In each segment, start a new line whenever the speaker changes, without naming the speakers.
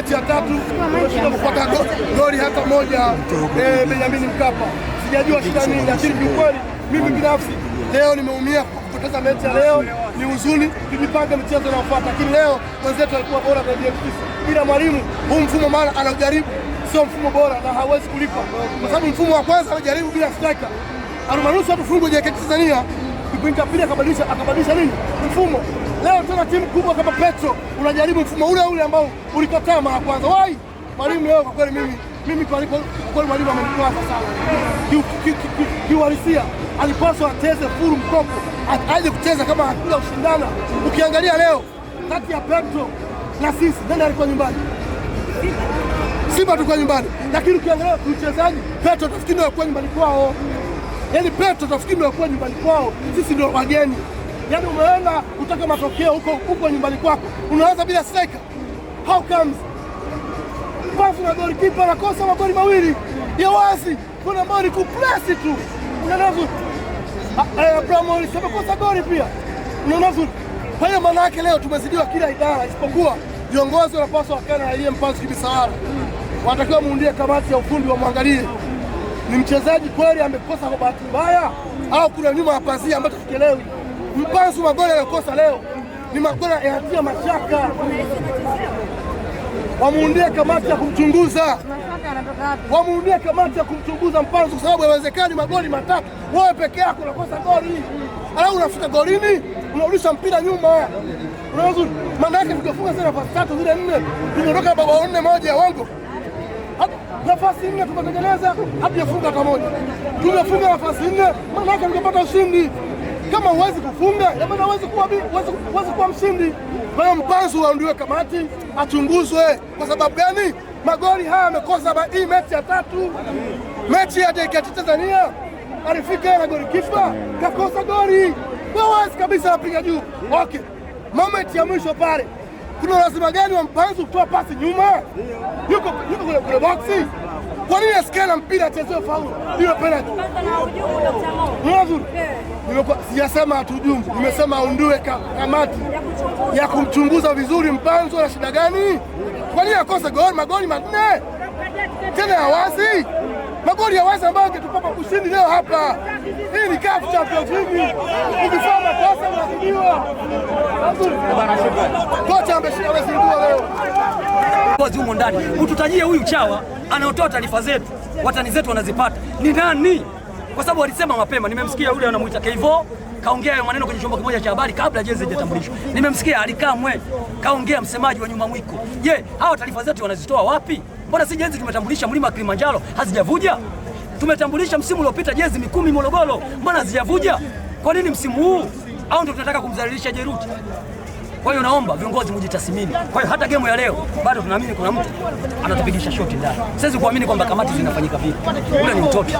neti ya tatu tumeshindwa kupata goli hata moja eh, Benjamin Mkapa. Sijajua shida nini, lakini kiukweli mimi binafsi leo nimeumia kupoteza mechi ya leo, ni huzuni. Tujipange michezo inayofuata, lakini leo wenzetu walikuwa bora zaidi ya sisi. Bila mwalimu huu mfumo mara anajaribu sio mfumo bora na hawezi kulipa, kwa sababu mfumo wa kwanza anajaribu bila striker, arumarusu watu fungu JKT Tanzania, kipindi cha pili akabadilisha, akabadilisha nini mfumo Leo tena timu kubwa kama Petro unajaribu mfumo ule ule ambao ulikataa mara kwanza. Wai mwalimu, leo kwa kweli mimi mimi kwa kweli mwalimu amenikwaza sana kiuhalisia. Alipaswa acheze furu mkopo, aje kucheza kama hakuna ushindana. Ukiangalia leo kati ya Petro na sisi, nani alikuwa nyumbani? Simba tulikuwa nyumbani, lakini ukiangalia mchezaji Petro tafikiri ndio alikuwa nyumbani kwao, yaani Petro tafikiri ndio alikuwa nyumbani kwao, sisi ndio wageni yani umeenda kutoka matokeo huko huko nyumbani kwako, unaanza bila striker. How comes? pasi na kipa anakosa magoli mawili ya wazi, kuna ambayo ni kuplasi tu, unaona ah, eh, Abramovich amekosa goli pia, unaona vizuri. Kwa hiyo maana yake leo tumezidiwa kila idara, isipokuwa viongozi wanapaswa wakana na aliye mpasi kibisawara, wanatakiwa muundie kamati ya ufundi wamwangalie ni mchezaji kweli amekosa kwa bahati mbaya au kuna nyuma ya pazia ambacho kikielewi. Mpanzu, magoli aliyokosa leo ni magoli yanatia mashaka, wamuundie kamati ya kumchunguza, wamuundie kamati ya kumchunguza Mpanzu kwa sababu haiwezekani magoli matatu wewe peke yako unakosa goli, alafu unafika golini unarudisha mpira nyuma, unaweza maana yake tukafunga zile nafasi tatu zile nne, tumeondoka baba nne moja ya wango nafasi nne tukatengeneza hatujafunga hata moja, tumefunga nafasi nne, maana yake tungepata ushindi. Kama huwezi kufunga ina maana huwezi kuwa, huwezi kuwa mshindi. Kwa hiyo Mpanzu aundiwe kamati achunguzwe. Kwa sababu gani magoli haya amekosa? Hii mechi ya tatu, mechi ya JKT Tanzania alifika na goli kifa kakosa goli wazi kabisa, apiga juu. Okay, moment ya mwisho pale, kuna lazima gani wa Mpanzu kutoa pasi nyuma? Yuko, yuko kule boksi kwa nini askari na mpira achezewe faulu? Hiyo penalty. Nimekuwa sijasema hatujumu. Nimesema aundue kamati ya kumchunguza vizuri Mpanzo na shida gani? Kwa nini akose goli magoli manne? Tena ya wazi magoli ya wazi ambayo ungetukopa kushindi leo hapa. Hii ni CAF Champions League, ukifanya makosa unazidiwa. Kocha amezindua leo
kozi humo ndani, ututajie huyu chawa anaotoa taarifa zetu, watani zetu wanazipata ni nani? Kwa sababu walisema mapema, nimemsikia yule anamuita Kevo kaongea hayo maneno kwenye chombo kimoja cha habari kabla jezi hajatambulishwa. Nimemsikia Alikamwe kaongea, msemaji wa nyuma mwiko. Je, hawa taarifa zetu wanazitoa wapi? Mbona si jezi tumetambulisha mlima wa Kilimanjaro hazijavuja? Tumetambulisha msimu uliopita jezi Mikumi Morogoro, mbona hazijavuja? Kwa nini msimu huu? Au ndio tunataka kumdhalilisha Jeruti? Kwa hiyo naomba viongozi mjitathmini. Kwa hiyo hata gemu ya leo bado tunaamini kuna mtu anatupigisha shoti ndani. Siwezi kuamini kwamba kamati zinafanyika vipi. Ule ni mtoto.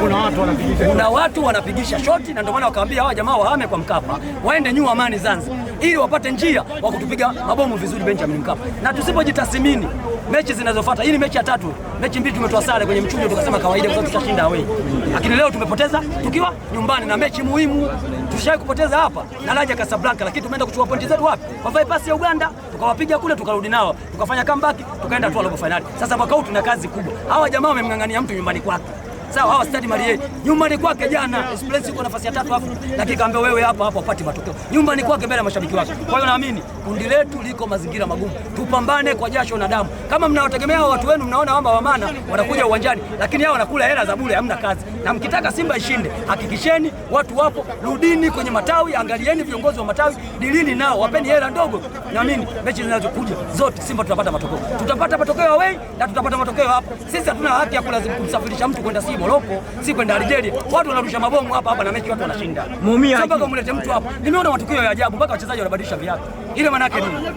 Kuna watu wanapigisha. Kuna watu wanapigisha shoti na ndio maana wakaambia hawa jamaa wahame kwa Mkapa, waende nyua amani Zanzibar ili wapate njia wa kutupiga mabomu vizuri Benjamin Mkapa. Na tusipojitathmini mechi zinazofuata. Hii ni mechi ya tatu, mechi mbili tumetoa sare kwenye mchujo, tukasema kawaida, kwa sababu tutashinda away, lakini leo tumepoteza tukiwa nyumbani na mechi muhimu. Tushawahi kupoteza hapa na Raja Casablanca, lakini tumeenda kuchukua pointi zetu wapi? Kwa Vipers ya Uganda, tukawapiga kule, tukarudi nao, tukafanya comeback, tukaenda tu robo finali. Sasa mwaka huu tuna kazi kubwa. Hawa jamaa wamemng'ang'ania mtu nyumbani kwake sawa, hawa stadi Marie nyumba ni kwake. Jana Esperance iko nafasi ya tatu hapo, lakini kaambia wewe hapa hapo upati matokeo. Nyumba ni kwake mbele ya mashabiki wake. Kwa hiyo naamini kundi letu liko mazingira magumu, tupambane kwa jasho na damu. Kama mnawategemea watu wenu, mnaona kwamba wamana wanakuja uwanjani, lakini hao wanakula hela za bure, hamna kazi na mkitaka Simba ishinde, hakikisheni watu wapo, rudini kwenye matawi, angalieni viongozi wa matawi, dilini nao, wapeni hela ndogo. Naamini mechi zinazokuja zote Simba tutapata matokeo, tutapata matokeo away na tutapata matokeo hapo. Sisi hatuna haki ya kulazimika kumsafirisha mtu kwenda si Moroko, si kwenda Algeria. Watu wanarusha mabomu hapa hapa na mechi watu wanashinda, muumia mpaka mlete mtu hapa. Nimeona matukio ya ajabu, mpaka wachezaji wanabadilisha viatu. Ile yake nini?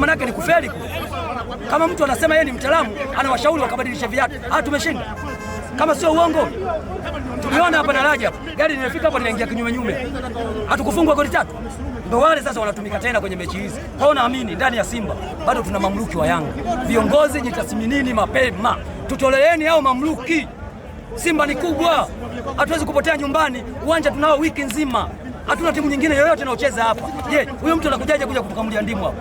Kule yake ni kufeli. Kama mtu anasema yeye ni mtaalamu, anawashauri wakabadilisha viatu, ah, tumeshinda. Kama sio uongo, tuliona hapa na Rajab, gari limefika hapa linaingia kinyume nyume, hatukufungwa goli tatu. Ndio wale sasa wanatumika tena kwenye mechi hizi. Kwa hiyo naamini ndani ya Simba bado tuna mamluki wa Yanga. Viongozi jitathminini mapema, tutoleeni hao mamluki. Simba ni kubwa, hatuwezi kupotea nyumbani. Uwanja tunao wiki nzima, hatuna timu nyingine yoyote inayocheza hapa. Je, huyo mtu anakujaje kuja kutukamulia ndimu hapa?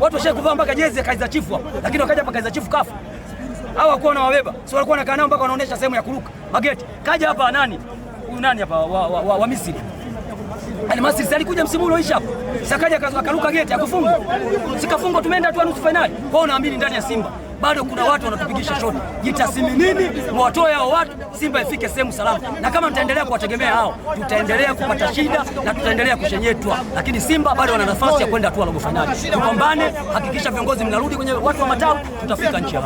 Watu washakuvaa mpaka jezi ya Kaiza Chiefs hapa, lakini wakaja hapa Kaiza Chiefs kafu hao hawakuwa wanawabeba. Sio walikuwa wanakaa nao mpaka wanaonesha sehemu ya kuruka. Mageti. Kaja hapa nani? Huyu nani hapa wa, wa, wa, wa Misri? Almasri alikuja msimu ulioisha hapo. Sakaja akaruka geti akufunga Sikafungwa tumeenda tu nusu finali. kwao naamini ndani ya Simba bado kuna watu wanatupigisha shoti. nini mwatoe hao watu, Simba ifike sehemu salama, na kama mtaendelea kuwategemea hao, tutaendelea kupata shida na tutaendelea kushenyetwa, lakini Simba bado wana nafasi ya kwenda hatua robo fainali. Tupambane, hakikisha viongozi mnarudi kwenye watu wa matao, tutafika nchi ya.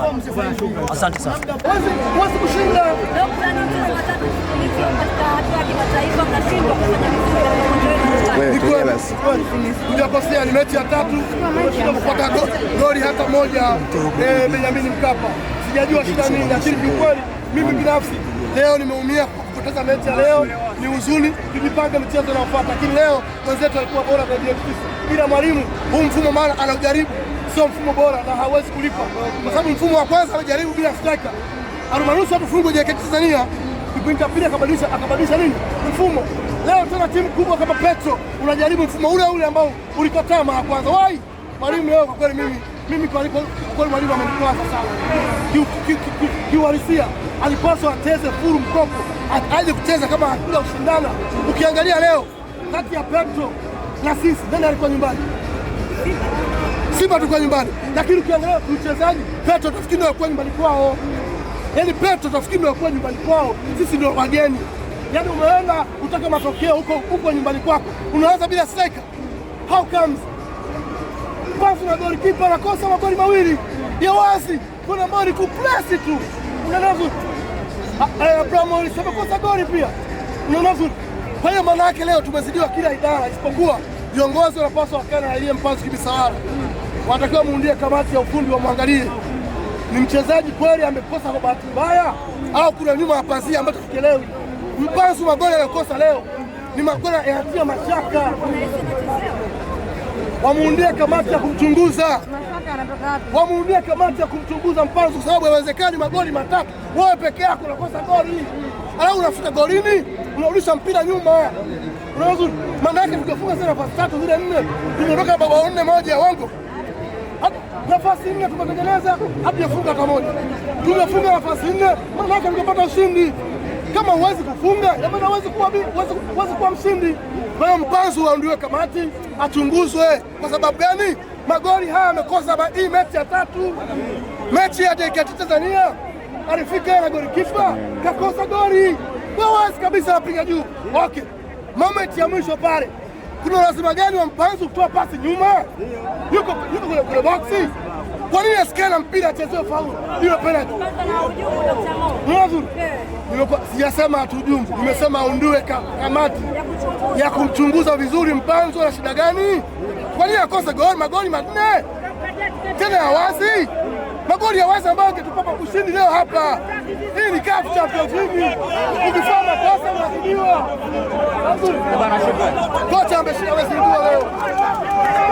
Asante sana
hujakosea, ni mechi ya tatu umeshinda kupata goli hata moja eh, Benjamin Mkapa. Sijajua shida nini, lakini kiukweli mimi binafsi leo nimeumia kupoteza mechi ya leo, ni huzuni. Tujipange michezo unaofuata, lakini leo wenzetu alikuwa bora zaidi yetu ila mwalimu huu mfumo maana anaujaribu sio mfumo bora na hawezi kulipa, kwa sababu mfumo wa kwanza amejaribu bila striker, arumarusu atufungwe JKT Tanzania, kipindi cha pili akabadilisha akabadilisha nini mfumo Leo tena timu kubwa kama Petro unajaribu mfumo ule ule ambao ulikataa mara kwanza. Wai mwalimu, leo kwa kweli mimi mimi kwa kweli mwalimu amenikwaza sana kiuhalisia. Alipaswa ateze furu mkopo, aje kucheza kama hakuna ushindana. Ukiangalia leo kati ya Petro na sisi, nani alikuwa nyumbani? Simba tulikuwa nyumbani, lakini ukiangalia mchezaji Petro tafikiri ndio alikuwa nyumbani kwao, yaani Petro tafikiri ndio alikuwa nyumbani kwao, sisi ndio wageni. Yaani umeenda utake matokeo huko huko nyumbani kwako, unaanza bila seka How comes? Pafu na goli kipa anakosa magoli mawili ya wazi, kuna ambayo ni kupress tu, unaona vizuri. Eh, Abramovich amekosa goli pia, unaona vizuri. Kwa hiyo maana yake leo tumezidiwa kila idara, isipokuwa viongozi wanapaswa wakana na ile mpanzo kibisahara, wanatakiwa muundie kamati ya ufundi wamwangalie ni mchezaji kweli amekosa kwa bahati mbaya au kuna nyuma ya pazia ambacho tukielewi. Mpanzu magoli aliyokosa leo ni magoli yanatia mashaka, wamuundie kamati ya kumchunguza, wamuundie kamati ya kumchunguza Mpanzu kwa sababu haiwezekani magoli matatu wewe peke yako unakosa goli, alafu unafika golini unarudisha mpira nyuma maana yake tukafunga zile nafasi tatu zile nne tumetoka baba nne moja ya Wango, nafasi nne tumetengeneza hatujafunga hata moja, tumefunga nafasi nne, maana yake tukapata ushindi. Kama huwezi kufunga huwezi kuwa, kuwa mshindi. Kwa hiyo Mpanzu aundiwe kamati achunguzwe. Kwa sababu gani magoli haya amekosa? Hii mechi ya tatu, mechi ya JKT Tanzania alifika na goli kifa kakosa goli kwa wazi kabisa, apiga juu. Okay, moment ya mwisho pale, kuna lazima gani wa Mpanzu kutoa pasi nyuma? Yuko yuko kule boxi kwa nini askari na mpira achezewe faulu ile penalty? Sijasema hatujumu, nimesema aundue kamati ya kumchunguza vizuri mpanzo na shida gani? Kwa nini akose goli, magoli manne tena ya wazi, magoli ya wazi ambayo angetupa ushindi leo hapa. Hii ni CAF Champions League, ukifanya makosa unazidiwa. Kocha ameshindwa leo.